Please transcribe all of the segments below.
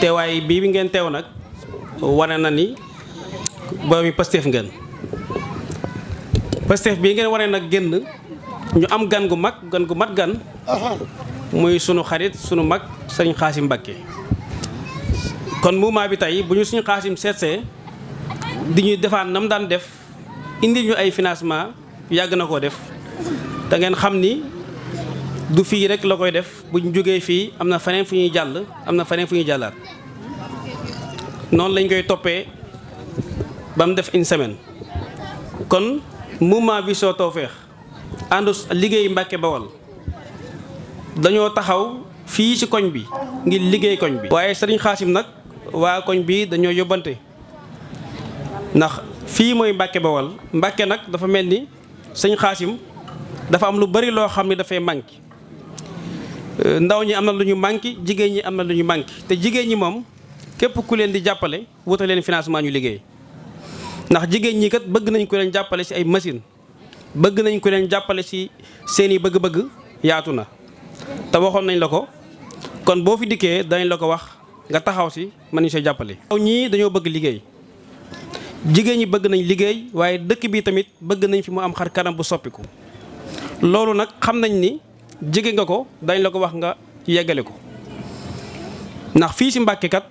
teewaay bii bi ngeen teew nag wane na ni boomi Pastef ngeen Pastef bii ngeen wane nag génn ñu am gan gu mag gan gu mat gan muy sunu xarit sunu mag sëriñ Xaasim Mbàkke kon mouvement bi tey bu ñu suñu Xaasim seetsee di ñuy defaan nam daan def indi ñu ay financement yàgg na koo def da ngeen xam ni du fii rek la koy def bu ñu jógee fii am na feneen fu ñuy jàll am na feneen fu ñuy jàllaat noonu lañ koy toppee ba mu def une semaine kon mouvement bi soo Tawfekh àndu liggéey Mbàkke Bawol dañoo taxaw fii ci koñ bi ngir liggéey koñ bi waaye sëriñ Xaasim nag waa koñ bii dañoo yóbbante ndax fii mooy Mbàkke Bawol Mbàkke nag dafa mel ni sëñ Xaasim dafa am lu bari loo xam ne dafay manqué ndaw ñi am na lu ñu manqué jigéen ñi am na lu ñu manqué te jigéen ñi moom képp ku leen di jàppale wutal leen financement ñu liggéey ndax jigéen ñi kat bëgg nañ ko leen jàppale si ay machine bëgg nañ ko leen jàppale ci seeni bëgg-bëgg yaatu na te waxoon nañ la ko kon boo fi dikkee dañ la ko wax nga taxaw si mën nañu see jàppale. ndaw ñii dañoo bëgg liggéey jigéen ñi bëgg nañ liggéey waaye dëkk bii tamit bëgg nañ fi mu am xar kanam bu soppiku loolu nag nañ ni. jege nga ko dañ la ko wax nga yeggale ko ndax fii si Mbàkke kat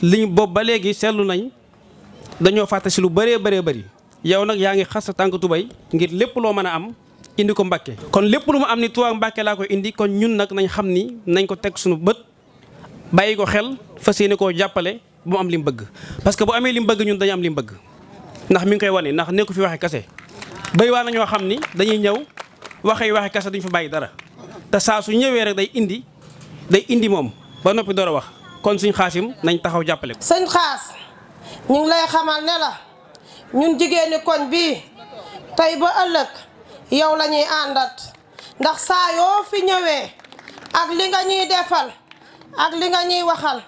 liñ boobu ba léegi seetlu nañ dañoo fàtte si lu bëree bëree bari yow nag yaa ngi xas sa tànk tubay ngir lépp loo mën a am indi ko Mbàkke kon lépp lu mu am ni Tuubaa Mbàkke laa ko indi kon ñun nag nañ xam ni nañ ko teg suñu bët bàyyi ko xel fas yéene koo jàppale bu mu am li mu bëgg parce que bu amee li mu bëgg ñun dañu am li mu bëgg ndax mi ngi koy wane ndax nekku fi waxe kase bëri waa na ñoo xam ni dañuy ñëw waxe waxe kase duñu fa bàyyi dara te saa su ñëwee rek day indi day indi moom ba noppi door a wax kon suñ xaasim nañ taxaw jàppale ko. sëñ xaas ñu ngi lay xamal ne la ñun jigéeni koñ bii tey ba ëllëg yow lañuy àndat ndax saa yoo fi ñëwee ak li nga ñuy defal ak li nga ñuy waxal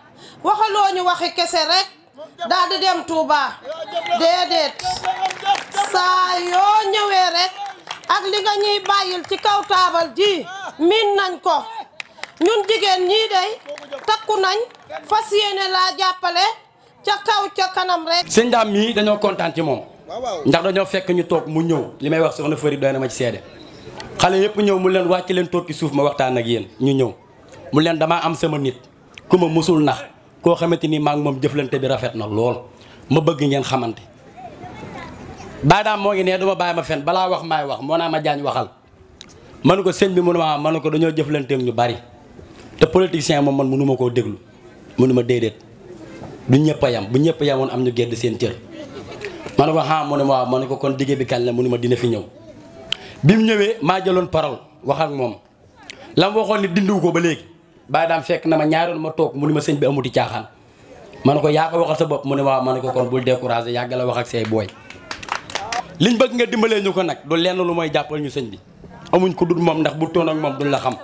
waxaloo ñu waxi kese rek daal dem Touba déedéet saa yoo ñëwee rek ak li nga ñuy bàyyil ci kaw taabal ji. miin nañ ko ñun jigéen ñii day takku nañ fas yéene laa jàppale ca kaw ca kanam rek. sëñ daam mii dañoo kontaan ci moom ndax dañoo fekk ñu toog mu ñëw li may wax soxna Fari doo na ma ci seede xale yëpp ñëw mu leen wàcc leen toog ci suuf ma waxtaan ak yéen ñu ñëw mu leen damaa am sama nit ku ma musul nax koo xamante ni maa moom jëflante bi rafet na lool ma bëgg ngeen xamante baadaam moo ngi ne duma bàyyi ma fen balaa wax maay wax moo naa ma jaañ waxal. man ko sëñ bi mu ne ma man ko dañoo jëflanteeg ñu bari te politicien moom man mënu ma koo déglu mënu ma déedéet du ñëpp a yam bu ñëpp a yamoon am ñu gedd seen cër. ma ne ko ah mu ne ma waaw ma ne ko kon diggé bi kañ la mu ma dina fi ñëw bi mu ñëwee maa jëloon parole wax moom la mu waxoon ni dindiwu ko ba léegi bàyyi daam fekk na ma ñaaroon ma toog mu ne ma sëñ bi amuti caaxaan. man ne ko yaa ko wax waxal sa bopp mu ne waaw ma ne ko kon bul découragé yàgg la wax ak say booy liñ bëgg nga dimbalee ñu ko nag du lenn lu mooy jàppal ñu sëñ bi. amuñ ko dul moom ndax bu toon ak moom duñ la xam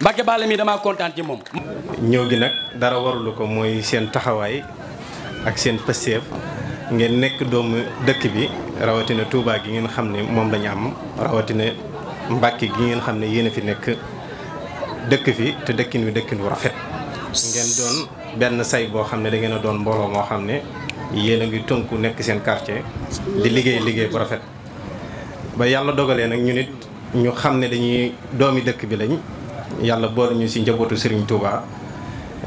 Mbacke Balla mi damaa kontaan ci moom. ñëw gi nag dara warulu ko mooy seen taxawaay ak seen pësteef ngeen nekk doomu dëkk bi rawatina Touba gi ngeen xam ne moom lañu am rawatina Mbacke gi ngeen xam ne yéen a fi nekk dëkk fi te dëkkin wi dëkkin bu rafet. ngeen doon benn say boo xam ne da ngeen doon mbooloo moo xam ne yéen a ngi tënku nekk seen quartier di liggéey liggéey bu rafet. ba yàlla dogalee nag ñu it ñu xam ne dañuy doomi dëkk bi lañ yàlla boole ñu si njabootu Serigne Touba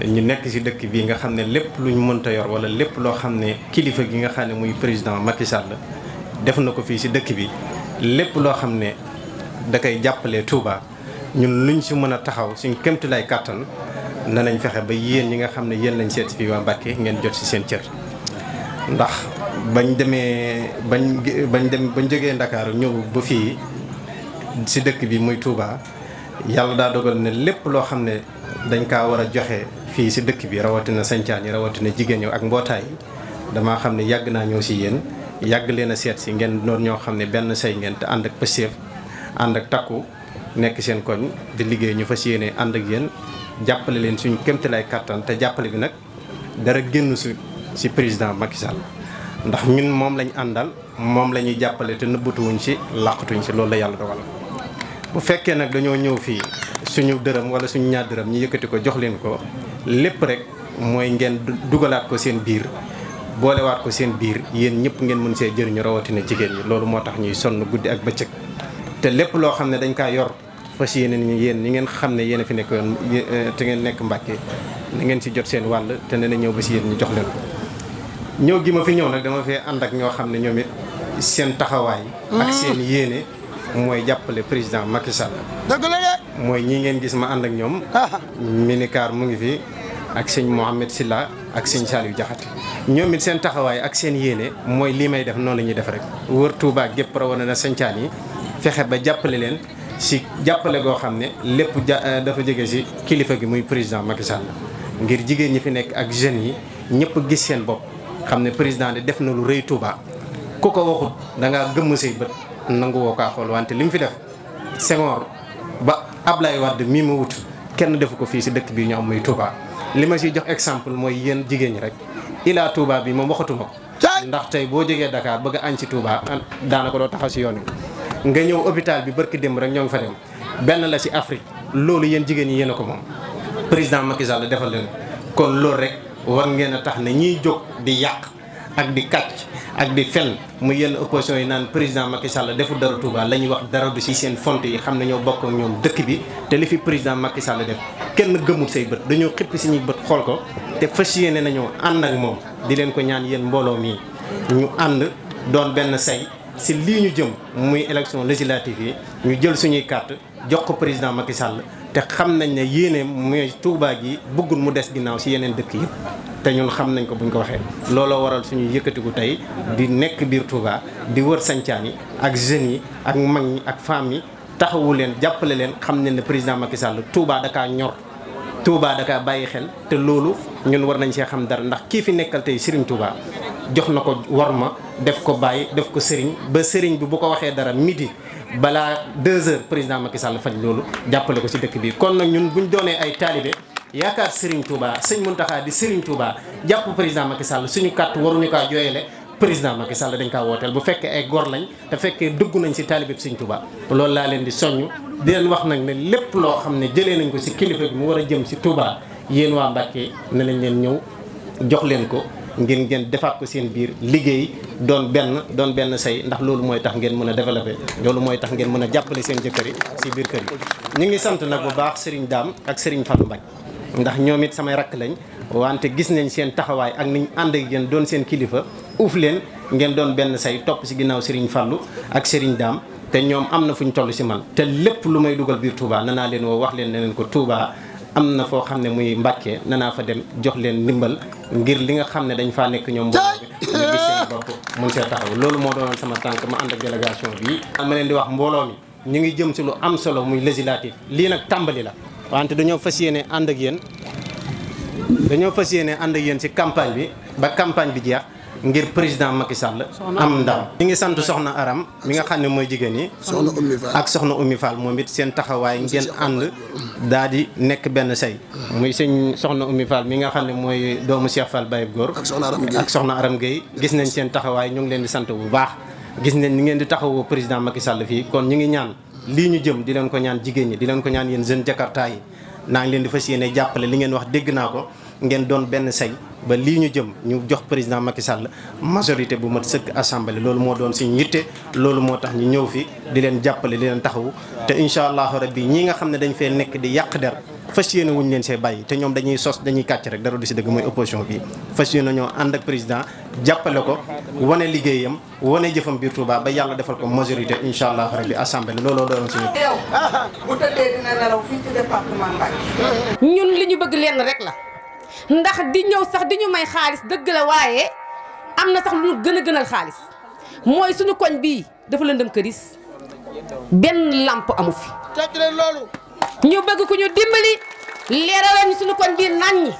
ñu nekk si dëkk bi nga xam ne lépp luñ mënta yor wala lépp loo xam ne kilifa gi nga xam ne muy président Macky Sall def na ko fii si dëkk bi lépp loo xam ne da koy jàppale Touba ñun lu luñ si mën a taxaw suñu suñ kémtulaay kàttan na nañ fexe ba yéen ñi nga xam ne yéen lañ seet fii waa Mbàkke ngeen jot si seen cër ndax bañ demee bañ bañ dem bañ jógee Ndakaaru ñëw ba fii si dëkk bi muy Touba yàlla daa dogal ne lépp loo xam ne dañ kaa war a joxe fii si dëkk bi rawatina sancaan yi rawatina jigéen ñi ak mbootaay yi damaa xam ne yàgg naa ñëw si yéen yàgg leen a seet si ngeen doon ñoo xam ne benn say ngeen te ànd ak pësteef ànd ak takku nekk seen koñ di liggéey ñu fas yéene ànd ak yéen jàppale leen suñu kéemtalaay kàttan te jàppale bi nag dara génn si président Macky Sall ndax ñun moom lañu àndal moom la ñuy jàppale te nëbbatuwuñ si làqatuñ si loolu la yàlla dogal bu fekkee nag dañoo ñëw fii suñu dërëm wala suñu ñaar dërëm ñu yëkkati ko jox leen ko lépp rek mooy ngeen dugalaat ko seen biir boolewaat ko seen biir yéen ñëpp ngeen mën see ñu rawatina jigéen ñi loolu moo tax ñuy sonn guddi ak bëccëg te lépp loo xam ne dañ kaa yor fas yéene ñu yéen ñi ngeen xam ne yéen a fi nekkoon te ngeen nekk Mbàkke na ngeen si jot seen wàll te ne na ñëw ba si yéen ñu jox leen ñëw gi ma fi ñëw nag dama fee ànd ak ñoo xam ne ñoom it seen taxawaay. ak mm. seen yéene mooy jàppale président Macky Sall. la mooy ñii ngeen gis ma ànd ak ñoom. Ah. minicar mu ngi fi ak sëñ Mouhamed Silla ak sëñ Saliou Diakhaté ñoom it seen taxawaay ak seen yéene mooy lii may def noonu la ñuy def rek. wër Touba gépp rawana na sëñcaan yi fexe ba jàppale leen. si jàppale goo xam ne lépp ja euh, dafa jóge si kilifa gi muy président Macky Sall ngir jigéen ñi fi nekk ak jeunes yi ñëpp gis seen bopp. xam ne président de def na lu rëy Touba ku ko waxut da ngaa gëmm say bët nangu woo kaa xool wante li mu fi def Senghor ba Ablaye Wade mii ma wut kenn defu ko fii si dëkk bii ñu am muy Touba li ma siy jox exemple mooy yéen jigéen ñi rek ilaa Touba bi moom waxatuma ko ndax tey boo jógee dakaar bëgg a añ ci Touba daanaka doo taxaw si yoon wi nga ñëw hôpital bi barki démb rek ñoo ngi fa dem benn la si Afrique loolu yéen jigéen ñi yéen a ko moom président Macky Sall defal leen war ngeen a tax na ñiy jóg di yàq ak di kàcc ak di fen mu yenn opposition yi naan président Macky Sall defu dara Touba la ñuy wax dara du si seen font yi xam ne ñoo bokk ñoom dëkk bi te li fi président Macky Sall def kenn gëmul say bët dañoo xippi suñuy bët xool ko te fas yéene nañoo ànd ak moom di leen ko ñaan yéen mbooloo mii ñu ànd doon benn say si lii ñu jëm muy élection législative yi ñu jël suñuy carte jox ko président Macky Sall te xam nañ ne yéene mooy Touba gi bëggul mu des ginnaaw si yeneen dëkk yi te ñun xam nañ ko buñ ko waxee looloo waral suñu yëkkati yëkkatiku tey di nekk biir Touba di wër sancaan yi ak jeunes yi ak mag ñi ak femmes yi taxawu leen jàppale leen xam ne le président Macky Sall Touba dakaa ñor Touba dakaa bàyyi xel te loolu ñun war nañ see xam dara ndax kii fi nekkal tey Serigne Touba jox na ko war ma def ko bàyyi def ko sëriñ ba sëriñ bi bu ko waxee dara midi balaa deux heures président Macky Sall faj loolu jàppale ko ci dëkk bi kon nag ñun bu ñu doonee ay taalibe yaakaar Serigne Touba sëñ Mountakha di Serigne Touba jàpp président Macky Sall suñu kàtt waruñu kaa jooyale président Macky Sall dañ kaa wooteel bu fekkee ay gor lañ te fekkee dugg nañ ci taalibe bi Serigne Touba. loolu laa leen di soññ di leen wax nag ne lépp loo xam ne jëlee nañ ko ci kilifa bi mu war a jëm ci Touba yéen waa Mbacke ne lañ leen ñëw jox leen ko. ngir ngeen defaat ko seen biir liggéey doon benn doon benn say ndax loolu mooy tax ngeen mën a développé loolu mooy tax ngeen mën a jàppale seen jëkkër yi si biir kër yi. ñu ngi sant nag bu baax sëriñ daam ak Serigne Fallou Mbacké ndax ñoom it samay rakk lañ wante gis nañ seen taxawaay ak niñ ànd ak yéen doon seen kilifa uuf leen ngeen doon benn say topp si ginnaaw Serigne Fallou ak sëriñ daam te ñoom am na fu ñu toll si man te lépp lu may dugal biir Touba nanaa leen woo wax leen ne leen ko Touba am na foo xam ne muy Mbàkke nanaa fa dem jox leen ndimbal ngir li nga xam ne dañ faa nekk ñoom mbooloo bi ñu see taxaw loolu moo doonoon sama tànk ma ànd ak délégation bi ma leen di wax mbooloo mi ñu ngi jëm si lu am solo muy législatif lii nag tàmbali la wante dañoo fas yéene ànd ak yéen dañoo fas yéene ànd ak yéen si campagne bi ba campagne bi jeex ngir président Macky Sall am ndam ñi ngi sant soxna Aram mi nga xam ne mooy jigéen yi ak soxna Oumy Fall moom it seen taxawaay ngeen ànd daal di nekk benn say muy sëñ soxna Oumy Fall mi nga xam ne mooy doomu Cheikh Fall Baye Góor ak soxna Aram géey gis nañ seen taxawaay ñu ngi leen di sant bu baax gis nañ ñu ngeen di taxawoo président Macky Sall fii kon ñu ngi ñaan lii ñu jëm di leen ko ñaan jigéen ñi di leen ko ñaan yéen jeunes Jakarta yi naa ngi leen di fas yéene jàppale li ngeen wax dégg naa ko ngeen doon benn say ba lii ñu jëm ñu jox président Macky Sall majorité bu mat sëkk assemblée loolu moo doon si yitte loolu moo tax ñu ñëw fii di leen jàppale di leen taxawu te incha allahu rabbi ñii nga xam ne dañ fee nekk di yàq der fas wuñ leen see bàyyi te ñoom dañuy sos dañuy kàcc rek dara du si dëgg mooy opposition bi fas yéene ñoo ànd ak président jàppale ko wane liggéeyam wane jëfam biir Touba ba yàlla defal ko majorité incha allah rabbi assemblée looloo doon suñu. yow bu tëddee dina nelaw fii ndax di ñëw sax di ñu may xaalis dëgg la waaye am na sax lu ñu gën a gënal xaalis mooy suñu koñ bii dafa lëndëm këris benn làmp amu fi. teg leen loolu. ñu bëgg ko ñu dimbali leeralal ñu suñu koñ bii naan ñi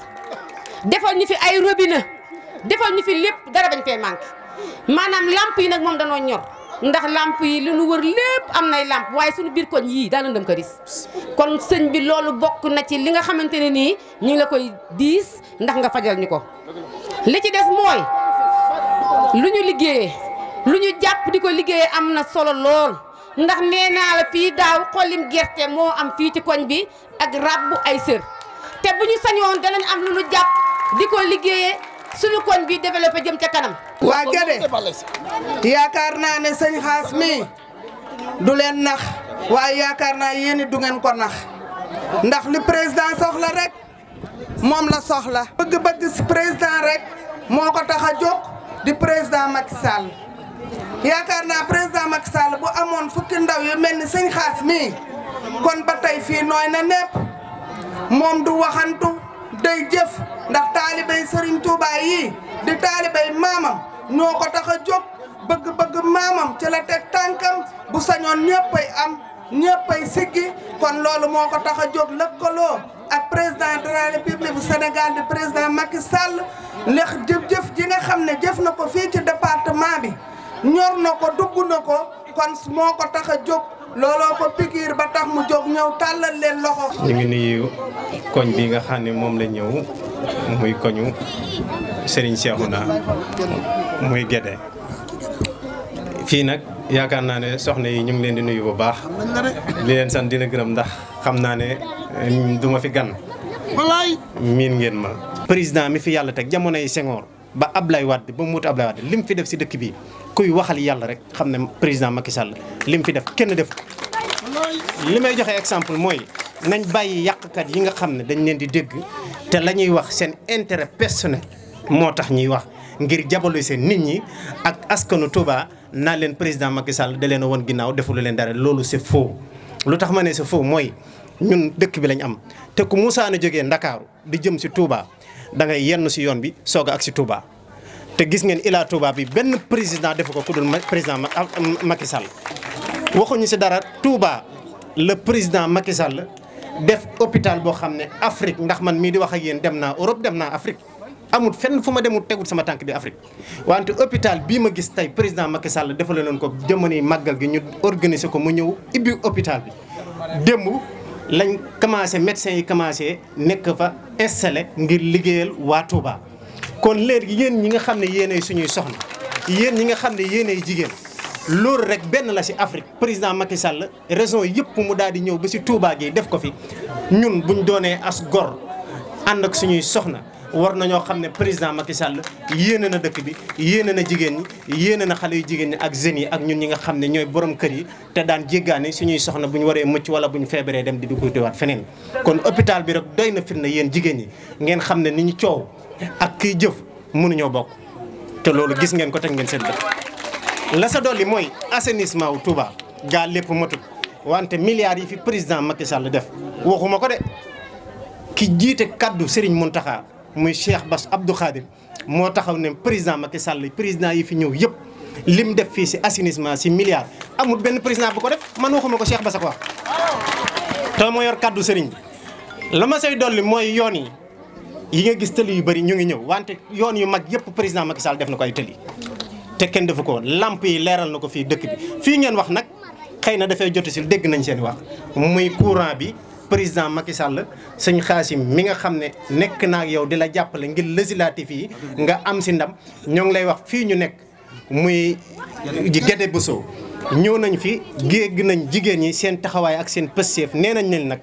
defal ñu fi ay robinet defal ñu fi lépp dara bañ fee manqué maanaam làmp yi nag moom danoo ñor. ndax làmp yi li nu wër lépp am nay làmp waaye suñu biir koñ yii daa lëndëm këris kon sëñ bi loolu bokk na ci li nga xamante ne nii ñu ngi la koy diis ndax nga fajal ñu ko li ci des mooy lu ñu liggéeye lu ñu jàpp di ko liggéeyee am na solo lool ndax nee naa la fii daaw xollim gerte moo am fii ci koñ bi ak ràbbu ay sër te bu ñu sañoon danañ am lu ñu jàpp di ko liggéeyee suñu koñ bi développé jëm ca kanam waa Guédé yaakaar naa ne sëñ xaas mi du leen nax waa yaakaar naa yéen it du ngeen ko nax ndax li président soxla rek moom la soxla. bëgg-bëgg président rek moo ko tax a jóg di président Macky Sall yaakaar naa président Macky Sall bu amoon fukki ndaw yu mel ni sëñ xaas mi kon ba tey fii nooy na nepp moom du waxantu. day jëf ndax taalibay Serigne Touba yii di taalibay maamam ñoo ko tax a jóg bëgg-bëgg maamam ci la teg tànkam bu sañoon ñëppay am ñëppay siggi kon loolu moo ko tax a jóg lëkkaloo ak président de la Sénégal di président Macky Sall ndax jëf-jëf ji nga xam ne jëf na ko fii ci département bi ñor na ko dugg na ko kon moo ko tax a jóg. looloo ko pikiir ba tax mu jóg ñëw tàllal loxo. ñu ngi nuyu koñ bi nga xam ne moom la ñëw muy koñu Serigne Cheikhouna muy Guédé fii nag yaakaar naa ne soxna yi ñu ngi leen di nuyu bu baax li leen sant dina gërëm ndax xam naa ne eh, duma fi gan. miin ngeen ma. président mi fi yàlla teg jamonoy Senghor. ba Ablaye Wade ba mu wut Ablaye Wade lim fi def si dëkk bi kuy waxal yàlla rek xam ne président Macky Sall lim fi def kenn def li may joxe exemple mooy nañ bàyyi yàqkat yi nga xam ne dañ leen di dégg te la ñuy wax seen intérêt personnel moo tax ñuy wax ngir jabalu seen nit ñi ak askanu Touba naa leen président Macky Sall da leen a woon ginnaaw deful leen dara loolu c'est foo lu tax ma ne c'est foo mooy ñun dëkk bi lañ am te ku Moussa na jógee Ndakaaru di jëm si Touba. da yenn si yoon bi soog ak si Touba te gis ngeen Ila Touba bi benn président defu ko ku dul président Macky Sall waxuñu si dara Touba le président Macky Sall def hôpital boo xam ne Afrique ndax man mii di wax ak yéen dem naa Europe dem naa Afrique amul fenn fu ma demul tegul sama tànk bi Afrique wante hôpital bii ma gis tey président Macky Sall defale leen ko jamonoy màggal gi ñu organiser ko mu ñëw ibbi hôpital bi démb lañ commencé médecins yi commencé nekk fa installé ngir liggéeyal waa Touba. kon léegi yéen ñi nga xam ne yéenay suñuy soxna yéen ñi nga xam ne yéenay jigéen loolu rek benn la si Afrique président Macky Sall raison yëpp mu daal di ñëw ba si Touba gi def ko fi ñun buñ doonee as gor ànd ak suñuy soxna. war na ñoo xam ne président Macky Sall yéene na dëkk bi yéene na jigéen ñi yéene na xale yu jigéen ñi ak jeunes yi ak ñun ñi nga xam ne ñooy borom kër yi te daan jéggaane suñuy soxna bu ñu waree mucc wala bu ñu feebaree dem di dugutiwaat feneen kon hôpital bi rek doy na firnde yéen jigéen ñi ngeen xam ne ni ñu coow ak kiy jëf mënuñoo bokk te loolu gis ngeen ko teg ngeen seen bët la sa dolli mooy assainissement wu Touba gaa lépp matut wante milliards yi fi président Macky Sall def waxuma ko de ki jiite kaddu Serigne Mountakha muy Cheikh Bass Abdou Khadir moo taxaw ne président Macky Sall président yi fi ñëw yëpp lim def fii si assainissement si milliard amul benn président bu ko def man waxuma ko Cheikh Bass a ko wax. te moo yor kàddu sëriñ bi la ma say mooy yoon yi yi nga gis tëli yu bëri ñu ngi ñëw wante yoon yu mag yëpp président Macky Sall def na ko ay tëli te kenn defu ko làmp yi leeral na ko fii dëkk bi fii ngeen wax nag xëy na dafay joti si dégg nañ seen wax muy courant bi. président Macky Sall sëñ Xaasim mi nga xam ne nekk naa yow di la jàppale ngir législatif yi nga am si ndam ñoo ngi lay wax fii ñu nekk muy Guédé Bousso ñëw nañ fi géeg nañ jigéen ñi seen taxawaay ak seen pësteef nee nañ leen nag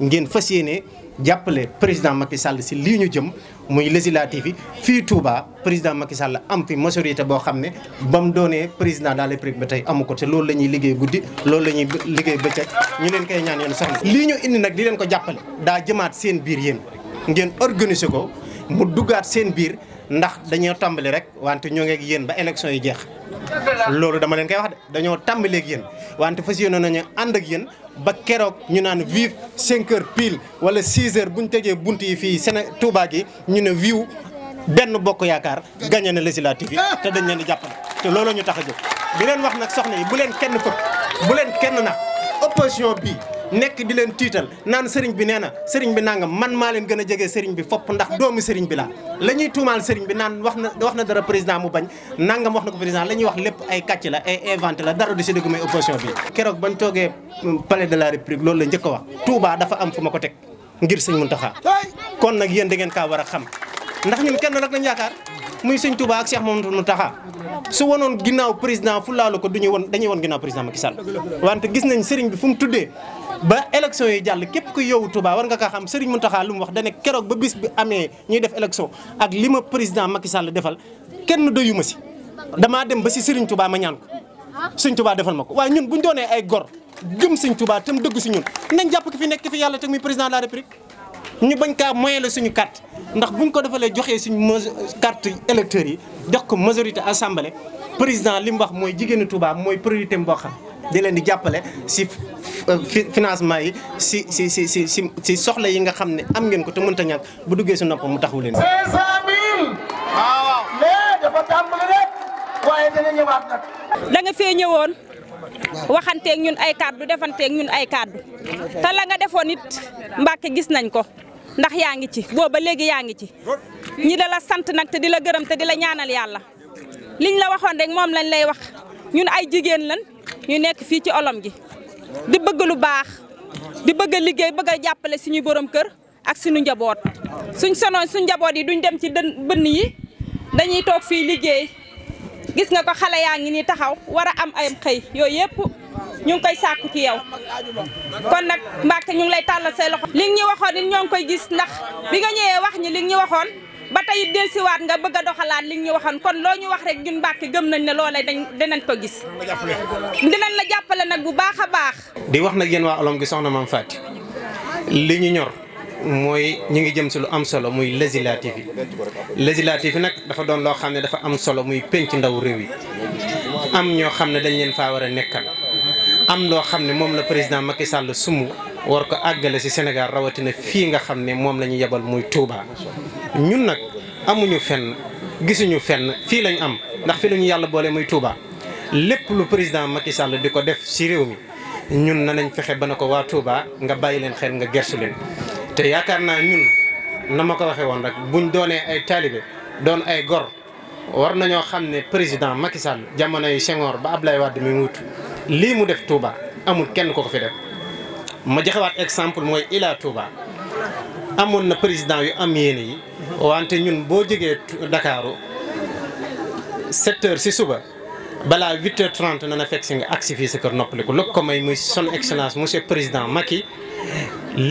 ngeen fës yéene jàppale président Macky Sall si lii ñu jëm muy législative yi fii Touba président Macky Sall am fi majorité boo xam ne ba mu doonee président de la ba tey amu ko te loolu lañuy ñuy liggéey guddi loolu la ñuy liggéey bëccëg ñu leen koy ñaan sax soxna. lii ñu indi nag di leen ko jàppale daa jëmaat seen biir yéen ngeen organiser ko mu duggaat seen biir ndax dañoo tàmbali rek wante ñoo ngi ak yéen ba élection yi jeex loolu dama leen koy wax de dañoo tàmbali ak yéen wante fas yéene nañu ànd ak yéen. ba keroog ñu naan vive cinq heures pile wala six heures bu ñu tëjee bunt yi fii sene Touba gi ñu ne vive benn bokk yaakaar gagné na législative yi te dañ leen di jàppale te looloo ñu tax a jóg bi leen wax nag soxna yi bu leen kenn fëpp bu leen kenn na opposition bi nekk di leen tiital naan sëriñ bi nee na sëriñ bi nangam man maa leen gën a jege sëriñ bi fopp ndax doomu sëriñ bi laa la ñuy tuumaal sëriñ bi naan wax na wax na dara président mu bañ nangam wax na ko président la ñuy wax lépp ay kàcc la ay inventé la dara du si dëgg may opposition bi keroog bañ toogee palais de la république loolu la njëkk a wax Touba dafa am fu ma ko teg ngir sëñ Mountakha kon nag yéen da ngeen kaa war a xam ndax ñun kenn rek lañ yaakaar muy sëñ Touba ak Cheikh Mamadou taxa su wanoon ginnaaw président fu laalu ko duñu won dañuy won ginnaaw président Macky Sall wante gis nañ sëriñ bi fu mu tuddee ba élection yi jàll képp ku yow Touba war nga kaa xam sëriñ Mountakha lu mu wax dane keroog ba bis bi amee ñuy def élection ak li ma président Macky Sall defal kenn doyu ma si damaa dem ba si sëriñ Touba ma ñaan ko sëñ Touba defal ma ko waaye ñun buñ doonee ay gor gëm sëñ Touba tam dëgg si ñun nañ jàpp ki fi nekk fi président la république ñu bañ kaa moyen la suñu carte ndax buñ ko defalee joxee suñu mo carte électeurs yi jox ko majorité assemblée président li mu wax mooy jigéenu Touba mooy priorité boo xam di leen di jàppale si financement yi si si si si si soxla yi nga xam ne am ngeen ko te ñàkk bu duggee si nopp mu taxawu leen. 500000. Ah, nga fee ñëwoon waxanteeg ñun ay kàddu defanteeg ñun ay kàddu te la nga defoon it Mbàkke gis nañ ko. ndax yaa ngi ci booba léegi yaa ngi ci ñi da la sant nag te di la gërëm te di la ñaanal yàlla liñ la waxoon rek moom lañ lay wax ñun ay jigéen lañ ñu nekk fii ci olom gi di bëgg lu baax di bëgg a liggéey bëgg a jàppale suñu borom kër ak suñu njaboot suñ sonoon suñ njaboot yi duñ dem ci dën bënn yi dañuy toog fii liggéey gis nga ko xale yaa ngi nii taxaw war a am ay xëy yooyu yëpp ñu ngi koy sàkku ci yow kon nag Mbacke ñu ngi lay tàllal say loxo. li ñu waxoon it ñoo ngi koy gis ndax bi nga ñëwee wax ñi li ñu waxoon ba tey it waat nga bëgg a doxalaat li ñu waxoon kon loo ñu wax rek ñun Mbacke gëm nañ ne loolee dañ dinañ ko gis. dinañ la jàppale nag bu baax a baax. di wax na yéen waa olom gi soxna maam Faty li ñu ñor. mooy ñu ngi jëm si lu am solo muy législatif yi législatif yi nag dafa doon loo xam ne dafa am solo muy penc ndaw réew yi ñoo xam ne dañ leen faa war a nekkal am loo xam ne moom la président Macky Sall sumu war ko àggale si Sénégal rawatina fii nga xam ne moom la ñu yebal muy Touba ñun nag amuñu fenn gisuñu fenn fii lañ am ndax fii lañu yàlla boole muy Touba lépp lu président Macky Sall di ko def ci réew mi ñun na nañ fexe ba na ko waa tuubaa nga bàyyi leen xel nga gersu leen te yaakaar naa ñun na ma ko waxee woon rek buñ doonee ay taalibe doon ay gor war nañoo xam ne président Macky Sall jamono yi Senghor ba Ablaye Wade mi lii mu def Touba amul kenn ko ko fi def ma joxewaat exemple mooy Ila Touba amoon na président yu am yéene yi wante ñun boo jegee Ndakaaru 7 ci suba balaa 8 heures 30 na na fekk si nga agsi fii sa kër noppaliku lu ko may muy son excellence monsieur président Macky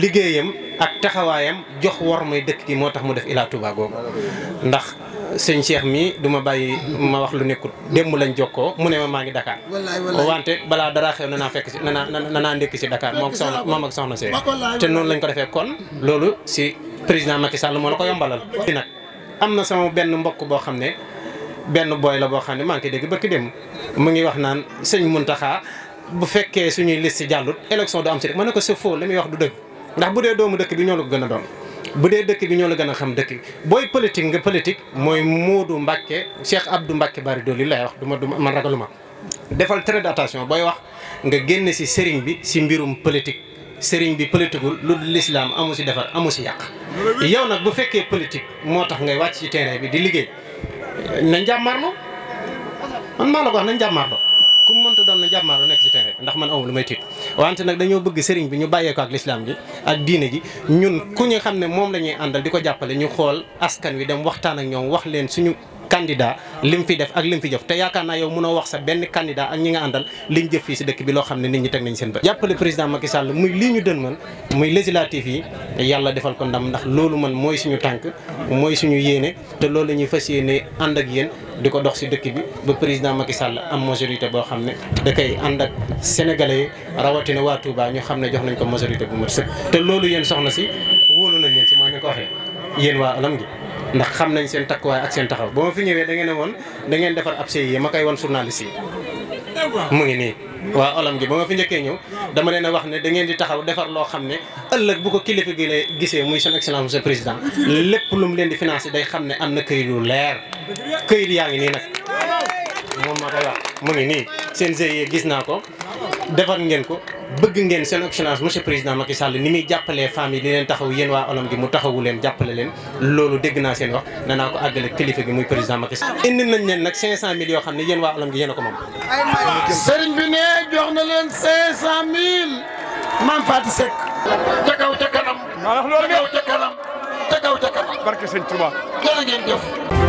liggéeyam ak taxawaayam jox war may dëkk gi moo tax mu def Ila Touba googu ndax sëñ Cheikh mi du ma bàyyi ma wax lu nekkut démb lañ jokkoo mu ne ma maa ngi Dakar. wante balaa dara xew na naa fekk si na naa na naa ndékki si Dakar moom soxna moom ak soxna see te noonu lañ ko defee kon loolu si président Macky Sall moo la ko yombalal. nag am na sama benn mbokk boo xam ne benn booy la boo xam ne maa ngi koy dégg barki démb mu ngi wax naan sëñ taxaa bu fekkee suñuy liste jàllut élection du am si rek mën ne ko c'est faux li muy wax du dëgg ndax bu dee doomu dëkk bi ñoo gën doon. bu dee dëkk bi ñoo la gën a xam dëkk bi booy politique nga politique mooy Moodu Mbacke Cheikh du Mbacke Bari Doli lay wax du ma du ma man ragaluma defal très attention booy wax nga génn si sëriñ bi si mbirum politique sëriñ bi politiqueul lu lislaam amu si defar amu si yàq yow nag bu fekkee politique moo tax ngay wàcc ci terrain bi di liggéey nañ jàmmaarloo man maa la ko wax nañ jàmmaarloo lu la nekk ci terrain ndax man amu lu may tiit wante nag dañoo bëgg sëriñ bi ñu bàyyee ko ak lislaam ji ak diine ji ñun ku ñu xam ne moom la ñuy àndal di ko jàppale ñu xool askan wi dem waxtaan ak ñoom wax leen suñu candidat lim fi def ak lim fi jëf te yaakaar naa yow mënoo wax sa benn candidat ak ñi nga àndal liñ jëf fii si dëkk bi loo xam ne nit ñi teg nañ seen bët. jàppale président Macky Sall muy lii ñu dën man muy législatif yi yàlla defal ko ndam ndax loolu man mooy suñu tànk mooy suñu yéene te loolu la ñuy fas yéene ànd ak yéen di ko dox si dëkk bi ba président Macky Sall am majorité boo xam ne da koy ànd ak sénégalais rawatina waa Touba ñu xam ne jox nañ ko majorité bu mat sëkk. te loolu yéen soxna si wóolu nañ leen si mooy ñu ko waxee yéen waa alam gi ndax xam nañ seen takkuwaay ak seen taxaw ba ma fi ñëwee da woon dangeen defar ab CIE ma koy wan journaliste yi eh, mu ngi nii. waaw olam gi ba ma fi njëkkee ñëw dama leen a wax ne da ngeen di taxaw defar loo xam ne ëllëg bu ko kilifa gi gisee muy son excellence monsieur président lépp lu mu leen di financé day xam ne am na këyit yu leer këyit yaa ngi nii nag moom ma koy wax mu ngi nii seen yi gis naa ko defar ngeen ko bëgg ngeen seen excellence monsieur président Macky Sall ni muy jàppalee femmes yi di leen taxaw yéen waa olom gi mu taxawu leen jàppale leen loolu dégg naa seen wax danaa ko àggale kilifa bi muy président Macky Sall indi nañ leen nag 500000 yoo xam ne yéen olom gi yéen a ko moom. sëriñ bi ne jox na leen 500000. maam Fatou Seck. ca kaw ca kanam. ca kaw ca kanam. ca kaw ca